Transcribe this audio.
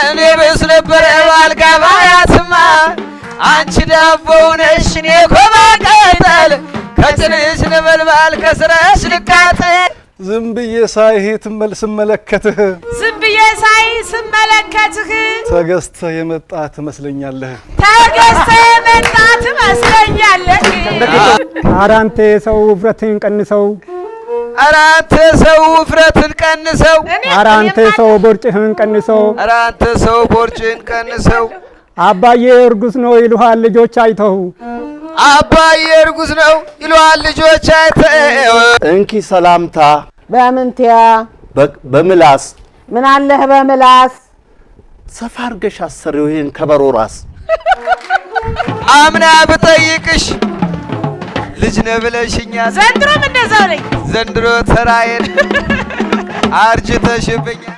እኔ ብስ ነበረ ባልጋ ባያስማ አንቺ ዳቦ ነሽ እኔ ቀጠል ከጭንሽ ነበልባል ከስረሽ ልቃጠል ዝም ብዬ ሳይህ ትመል ስመለከትህ ዝም ብዬ ሳይህ ስመለከትህ ተገዝተህ የመጣ ትመስለኛለህ ተገስተ የመጣ ትመስለኛለህ። ታዲያ አንተ የሰው ቀንሰው ኧረ አንተ ሰው ውፍረትን ቀንሰው፣ ኧረ አንተ ሰው ቦርጭህን ቀንሰው፣ ኧረ አንተ ሰው ቦርጭህን ቀንሰው። አባዬ እርጉዝ ነው ይሉሃል ልጆች አይተው፣ አባዬ እርጉዝ ነው ይሉሃል ልጆች አይተው። እንኪ ሰላምታ በምንትያ በምላስ ምን አለህ በምላስ ሰፋ አድርገሽ አሰሪው ይሄን ከበሮ ራስ አምና ብጠይቅሽ ልጅ ነህ ብለሽኛል። ዘንድሮም እንደዛው ነኝ። ዘንድሮ ተራዬን አርጅተሽብኛል።